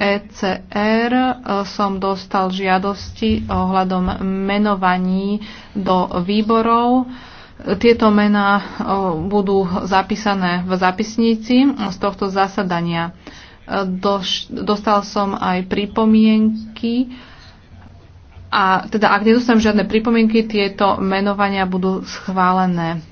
ECR e, som dostal žiadosti ohľadom menovaní do výborov. Tieto mená e, budú zapísané v zapisníci z tohto zasadania. E, dostal som aj pripomienky a teda ak nedostanem žiadne pripomienky, tieto menovania budú schválené.